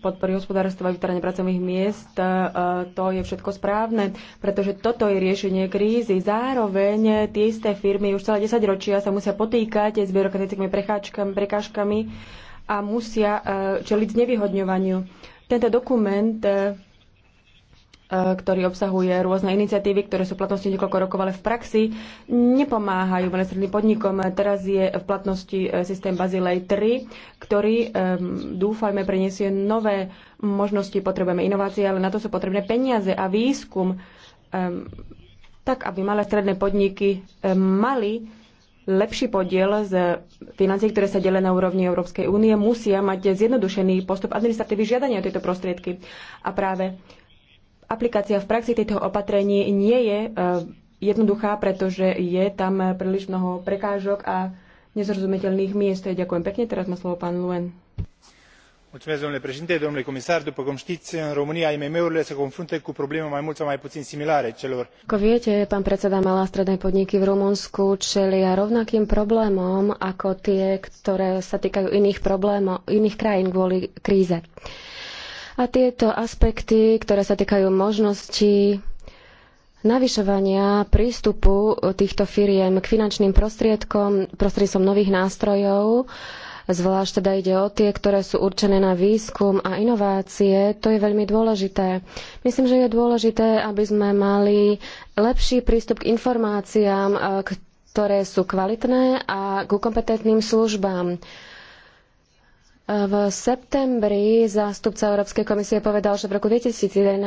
podpory hospodárstva a vytvárania pracovných miest, eh, to je všetko správne, pretože toto je riešenie krízy. Zároveň eh, tie isté firmy už celé 10 ročia sa musia potýkať s byrokratickými prekážkami a musia čeliť znevýhodňovaniu. Tento dokument Eh, ktorý obsahuje rôzne iniciatívy, ktoré sú v platnosti niekoľko rokov, ale v praxi nepomáhajú malým podnikom. Teraz je v platnosti eh, systém Bazilej 3, ktorý eh, dúfajme prinesie nové možnosti. Potrebujeme inovácie, ale na to sú potrebné peniaze a výskum, tak aby malé stredné podniky mali lepší podiel z financií, ktoré sa delia na úrovni Európskej únie, musia mať zjednodušený postup administratívy žiadania o tieto prostriedky. A práve Aplikácia v praxi týchto opatrení nie je e, jednoduchá, pretože je tam príliš mnoho prekážok a nezrozumiteľných miest. Ďakujem pekne. Teraz má slovo pán Luen. Mulțumesc, domnule domnule președinte, comisar. după cum știți, în România IMM-urile se confruntă cu probleme mai mult sau mai puțin similare celor. Ako viete, pán predseda, malé a stredné podniky v Rumunsku čelia rovnakým problémom ako tie, ktoré sa týkajú iných problémov, iných krajín kvôli kríze. Uh, a tieto aspekty, ktoré sa týkajú možnosti navyšovania prístupu týchto firiem k finančným prostriedkom prostredníctvom nových nástrojov, zvlášť teda ide o tie, ktoré sú určené na výskum a inovácie, to je veľmi dôležité. Myslím, že je dôležité, aby sme mali lepší prístup k informáciám, eh, ktoré sú kvalitné a ku kompetentným službám. V septembri zástupca Európskej komisie povedal, že v roku 2011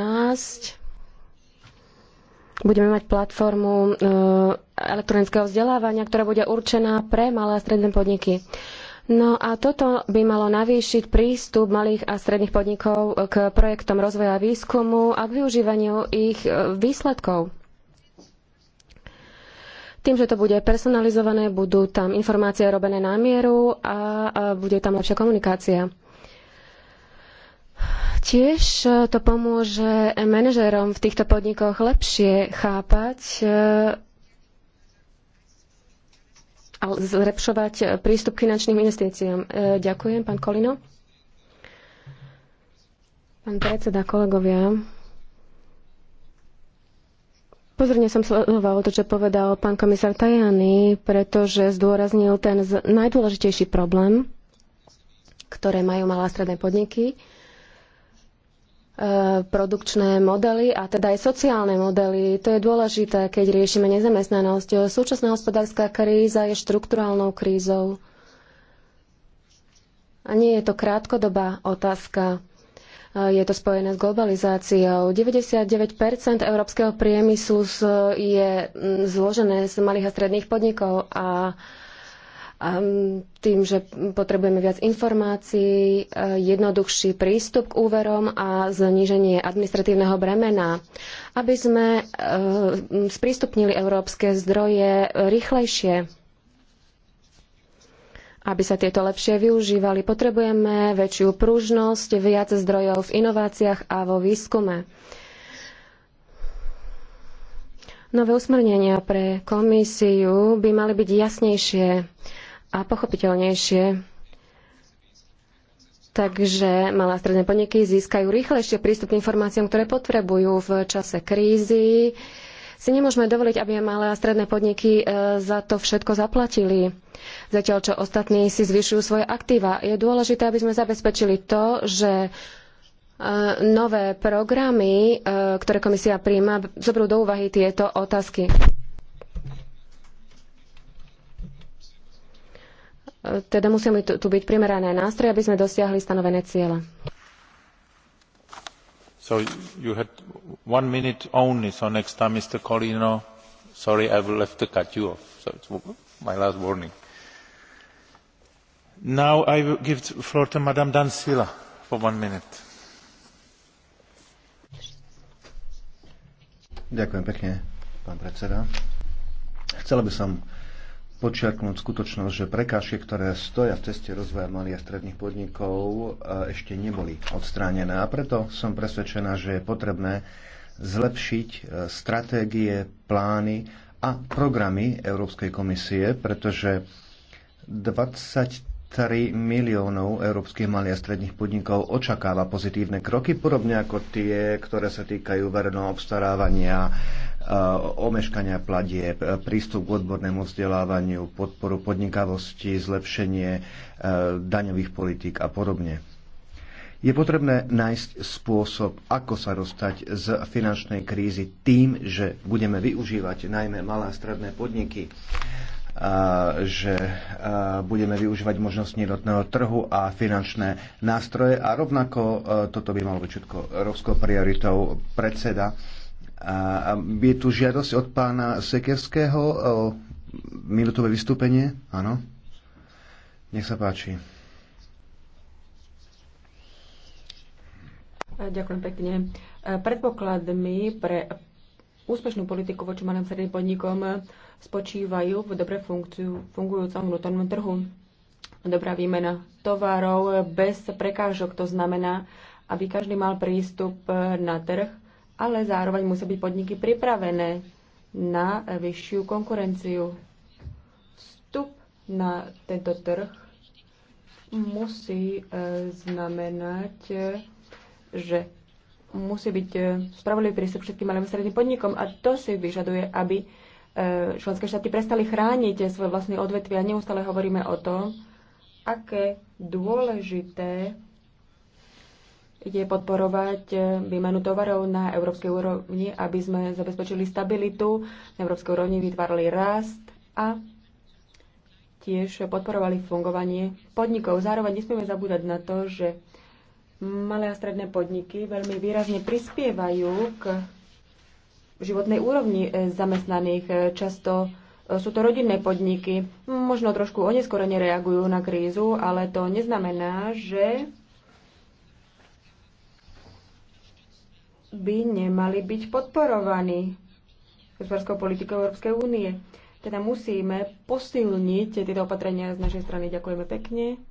budeme mať platformu e, elektronického vzdelávania, ktorá bude určená pre malé a stredné podniky. No a toto by malo navýšiť prístup malých a stredných podnikov k projektom rozvoja a výskumu a k využívaniu ich e, výsledkov. Tým, že to bude personalizované, budú tam informácie robené na mieru a bude tam lepšia komunikácia. Tiež e, to pomôže manažérom v týchto podnikoch lepšie chápať e, a zlepšovať prístup k finančným investíciám. E, ďakujem, pán Kolino. Pán predseda, kolegovia. Pozorne som sledoval to, čo povedal pán komisár Tajany, pretože zdôraznil ten najdôležitejší problém, ktoré majú malé a stredné podniky, e, produkčné modely a teda aj sociálne modely. To je dôležité, keď riešime nezamestnanosť. Súčasná hospodárska kríza je štrukturálnou krízou. A nie je to krátkodobá otázka je to spojené s globalizáciou. 99 európskeho priemyslu je mm, zložené z malých a stredných podnikov a a mm, tým, že potrebujeme viac informácií, eh, jednoduchší prístup k úverom a zníženie administratívneho bremena, aby sme eh, sprístupnili európske zdroje rýchlejšie aby sa tieto lepšie využívali. Potrebujeme väčšiu pružnosť, viac zdrojov v inováciách a vo výskume. Nové usmernenia pre komisiu by mali byť jasnejšie a pochopiteľnejšie. Takže malé a stredné podniky získajú rýchlejšie prístup k informáciám, ktoré potrebujú v čase krízy si nemôžeme dovoliť, aby malé a stredné podniky e, za to všetko zaplatili. Zatiaľ, čo ostatní si zvyšujú svoje aktíva. Je dôležité, aby sme zabezpečili to, že e, nové programy, e, ktoré komisia príjma, zobrú do úvahy tieto otázky. Teda musia tu byť primerané nástroje, aby sme dosiahli stanovené ciele. So you had one minute only, so next time, Mr. Colino, sorry, I will have to cut you off. So it's my last warning. Now I will give the floor to Madame Dancila for one minute. Ďakujem pekne, pán predseda. Chcela by som počiarknúť skutočnosť, že prekážky, ktoré stoja v ceste rozvoja malých a stredných podnikov, e, ešte neboli odstránené. A preto som presvedčená, že je potrebné zlepšiť e, stratégie, plány a programy Európskej komisie, pretože 23 miliónov európskych malých a stredných podnikov očakáva pozitívne kroky, podobne ako tie, ktoré sa týkajú verejného obstarávania, Eh, omeškania platieb, eh, prístup k odbornému vzdelávaniu, podporu podnikavosti, zlepšenie eh, daňových politík a podobne. Je potrebné nájsť spôsob, ako sa dostať z finančnej krízy tým, že budeme využívať najmä malé a stredné podniky, že budeme využívať možnosť jednotného trhu a finančné nástroje a rovnako toto by malo byť všetko európskou prioritou predseda a je tu žiadosť od pána Sekerského o minutové vystúpenie? Áno. Nech sa páči. Ďakujem pekne. Predpokladmi pre úspešnú politiku voči malým stredným podnikom spočívajú v dobre funkciu, fungujúcom vnútornom trhu. Dobrá výmena tovarov bez prekážok, to znamená, aby každý mal prístup na trh ale zároveň musia byť podniky pripravené na vyššiu konkurenciu. Vstup na tento trh musí e, znamenať, že musí byť e, spravodlivý prístup všetkým malým a stredným podnikom a to si vyžaduje, aby e, členské štáty prestali chrániť svoje vlastné odvetvia. Neustále hovoríme o tom, aké dôležité je podporovať eh, výmenu tovarov na európskej úrovni, aby sme zabezpečili stabilitu na európskej úrovni, vytvárali rast a tiež podporovali fungovanie podnikov. Zároveň nesmieme zabúdať na to, že malé a stredné podniky veľmi výrazne prispievajú k životnej úrovni eh, zamestnaných. Eh, často sú to rodinné podniky. Možno trošku oneskorene reagujú na krízu, ale to neznamená, že by nemali byť podporovaní hospodárskou politikou Európskej únie. Teda musíme posilniť tieto opatrenia z našej strany. Ďakujeme pekne.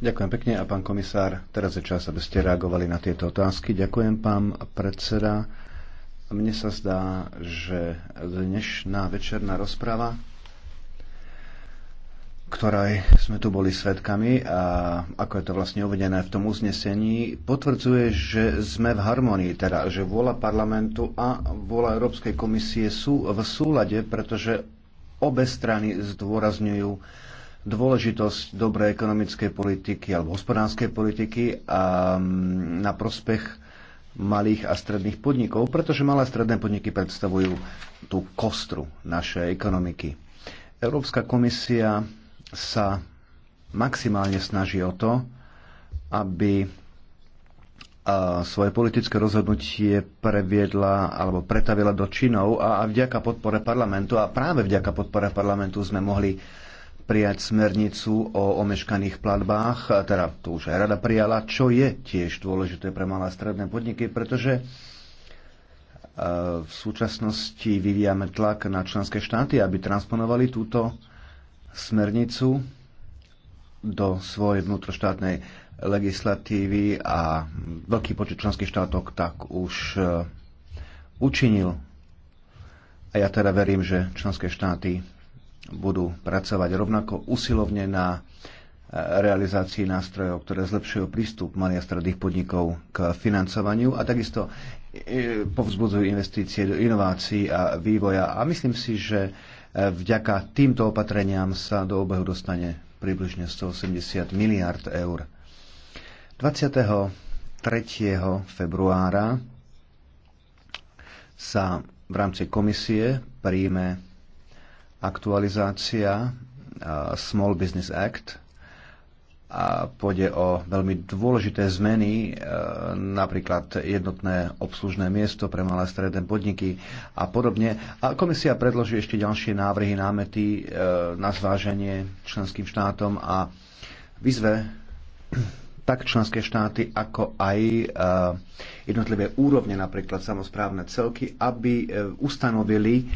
Ďakujem pekne a pán komisár, teraz je čas, aby ste reagovali na tieto otázky. Ďakujem pán predseda. Mne sa zdá, že dnešná večerná rozprava ktorej sme tu boli svetkami a ako je to vlastne uvedené v tom uznesení, potvrdzuje, že sme v harmonii, teda že vôľa parlamentu a vôľa Európskej komisie sú v súlade, pretože obe strany zdôrazňujú dôležitosť dobrej ekonomickej politiky alebo hospodárskej politiky a na prospech malých a stredných podnikov, pretože malé a stredné podniky predstavujú tú kostru našej ekonomiky. Európska komisia sa maximálne snaží o to, aby e, svoje politické rozhodnutie previedla alebo pretavila do činov a, vďaka podpore parlamentu a práve vďaka podpore parlamentu sme mohli prijať smernicu o omeškaných platbách, teda to už aj rada prijala, čo je tiež dôležité pre malé a stredné podniky, pretože e, v súčasnosti vyvíjame tlak na členské štáty, aby transponovali túto smernicu do svojej vnútroštátnej legislatívy a veľký počet členských štátok tak už e, učinil. A ja teda verím, že členské štáty budú pracovať rovnako usilovne na e, realizácii nástrojov, ktoré zlepšujú prístup malých a stredných podnikov k financovaniu a takisto e, povzbudzujú investície do inovácií a vývoja. A myslím si, že Vďaka týmto opatreniam sa do obehu dostane približne 180 miliard eur. 23. februára sa v rámci komisie príjme aktualizácia Small Business Act a pôjde o veľmi dôležité zmeny, e, napríklad jednotné obslužné miesto pre malé stredné podniky a podobne. A komisia predloží ešte ďalšie návrhy, námety e, na zváženie členským štátom a vyzve tak členské štáty, ako aj e, jednotlivé úrovne, napríklad samozprávne celky, aby ustanovili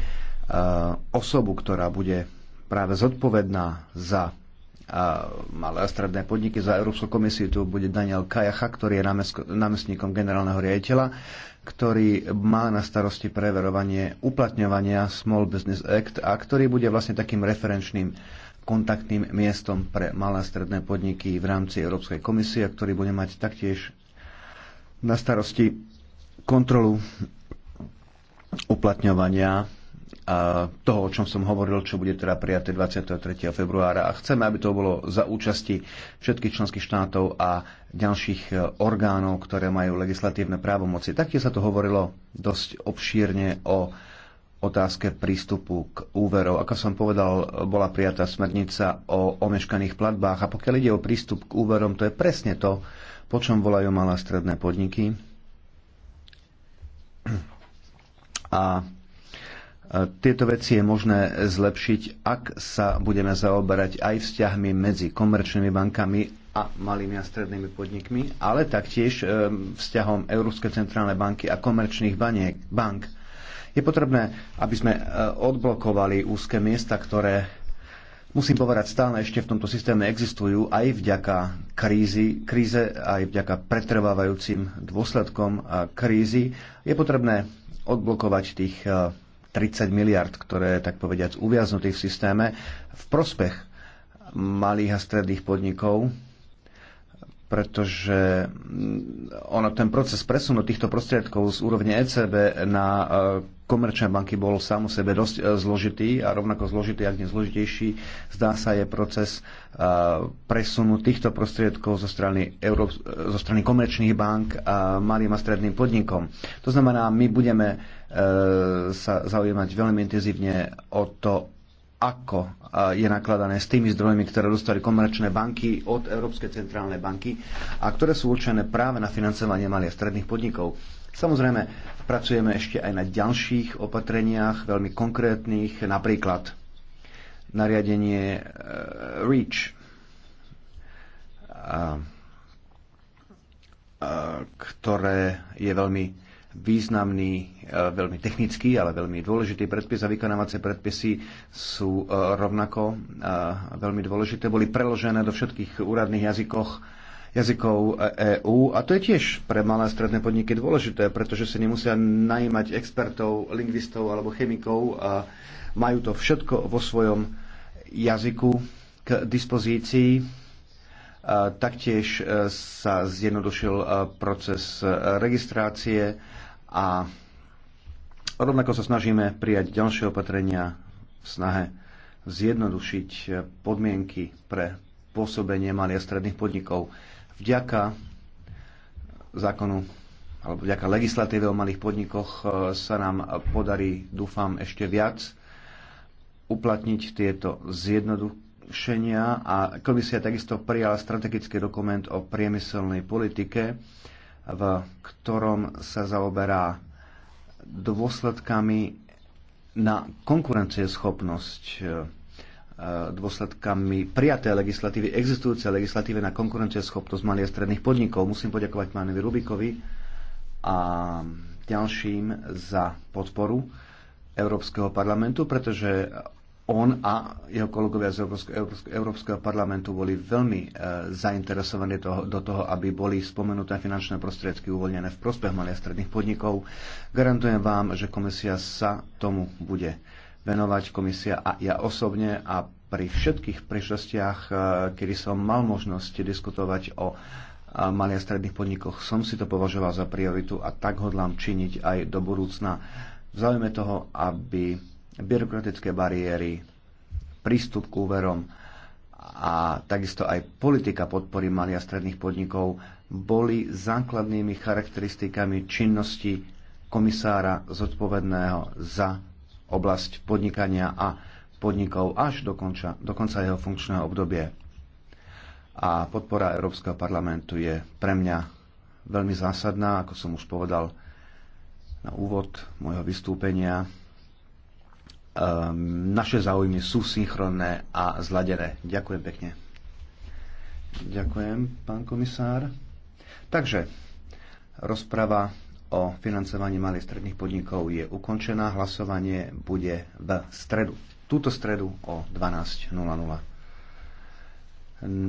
osobu, ktorá bude práve zodpovedná za a malé a stredné podniky za Európsku komisiu. Tu bude Daniel Kajacha, ktorý je námestníkom generálneho riaditeľa, ktorý má na starosti preverovanie uplatňovania Small Business Act a ktorý bude vlastne takým referenčným kontaktným miestom pre malé a stredné podniky v rámci Európskej komisie, ktorý bude mať taktiež na starosti kontrolu uplatňovania toho, o čom som hovoril, čo bude teda prijaté 23. februára. A chceme, aby to bolo za účasti všetkých členských štátov a ďalších e, orgánov, ktoré majú legislatívne právomoci. Taktiež sa to hovorilo dosť obšírne o otázke prístupu k úverov. Ako som povedal, bola prijatá smernica o omeškaných platbách a pokiaľ ide o prístup k úverom, to je presne to, po čom volajú malé stredné podniky. A tieto veci je možné zlepšiť, ak sa budeme zaoberať aj vzťahmi medzi komerčnými bankami a malými a strednými podnikmi, ale taktiež e, vzťahom Európskej centrálnej banky a komerčných baniek, bank. Je potrebné, aby sme e, odblokovali úzke miesta, ktoré, musím povedať, stále ešte v tomto systéme existujú aj vďaka krízi, kríze, aj vďaka pretrvávajúcim dôsledkom krízy. Je potrebné odblokovať tých e, 30 miliard, ktoré tak povediať, uviaznutých v systéme v prospech malých a stredných podnikov, pretože mm, ono, ten proces presunu týchto prostriedkov z úrovne ECB na e, komerčné banky bol sám o sebe dosť e, zložitý a rovnako zložitý, ak nezložitejší, zdá sa je proces e, presunu týchto prostriedkov zo strany, Euró- zo strany komerčných bank a malým a stredným podnikom. To znamená, my budeme sa zaujímať veľmi intenzívne o to, ako je nakladané s tými zdrojmi, ktoré dostali komerčné banky od Európskej centrálnej banky a ktoré sú určené práve na financovanie malých a stredných podnikov. Samozrejme, pracujeme ešte aj na ďalších opatreniach, veľmi konkrétnych, napríklad nariadenie e, REACH, ktoré je veľmi významný, e, veľmi technický, ale veľmi dôležitý predpis a vykonávacie predpisy sú e, rovnako e, veľmi dôležité. Boli preložené do všetkých úradných jazykoch jazykov EÚ a to je tiež pre malé a stredné podniky dôležité, pretože si nemusia najímať expertov, lingvistov alebo chemikov a majú to všetko vo svojom jazyku k dispozícii. Taktiež sa zjednodušil proces registrácie a rovnako sa snažíme prijať ďalšie opatrenia v snahe zjednodušiť podmienky pre pôsobenie malých a stredných podnikov. Vďaka zákonu alebo vďaka legislatíve o malých podnikoch e, sa nám podarí, dúfam, ešte viac uplatniť tieto zjednodušenia a komisia takisto prijala strategický dokument o priemyselnej politike, v ktorom sa zaoberá dôsledkami na konkurencieschopnosť e, dôsledkami prijaté legislatívy, existujúce legislatíve na konkurencieschopnosť malých a stredných podnikov. Musím poďakovať pánovi Rubikovi a ďalším za podporu Európskeho parlamentu, pretože on a jeho kolegovia z Európskeho parlamentu boli veľmi e, zainteresovaní toho, do toho, aby boli spomenuté finančné prostriedky uvoľnené v prospech malých a stredných podnikov. Garantujem vám, že komisia sa tomu bude venovať, komisia a ja osobne a pri všetkých príležitostiach, e, kedy som mal možnosť diskutovať o e, malých a stredných podnikoch, som si to považoval za prioritu a tak hodlám činiť aj do budúcna. V záujme toho, aby byrokratické bariéry, prístup k úverom a takisto aj politika podpory malých a stredných podnikov boli základnými charakteristikami činnosti komisára zodpovedného za oblasť podnikania a podnikov až do konca, do konca jeho funkčného obdobie. A podpora Európskeho parlamentu je pre mňa veľmi zásadná, ako som už povedal na úvod môjho vystúpenia. Ehm, naše záujmy sú synchronné a zladené. Ďakujem pekne. Ďakujem, pán komisár. Takže, rozprava o financovaní malých stredných podnikov je ukončená. Hlasovanie bude v stredu. Túto stredu o 12.00.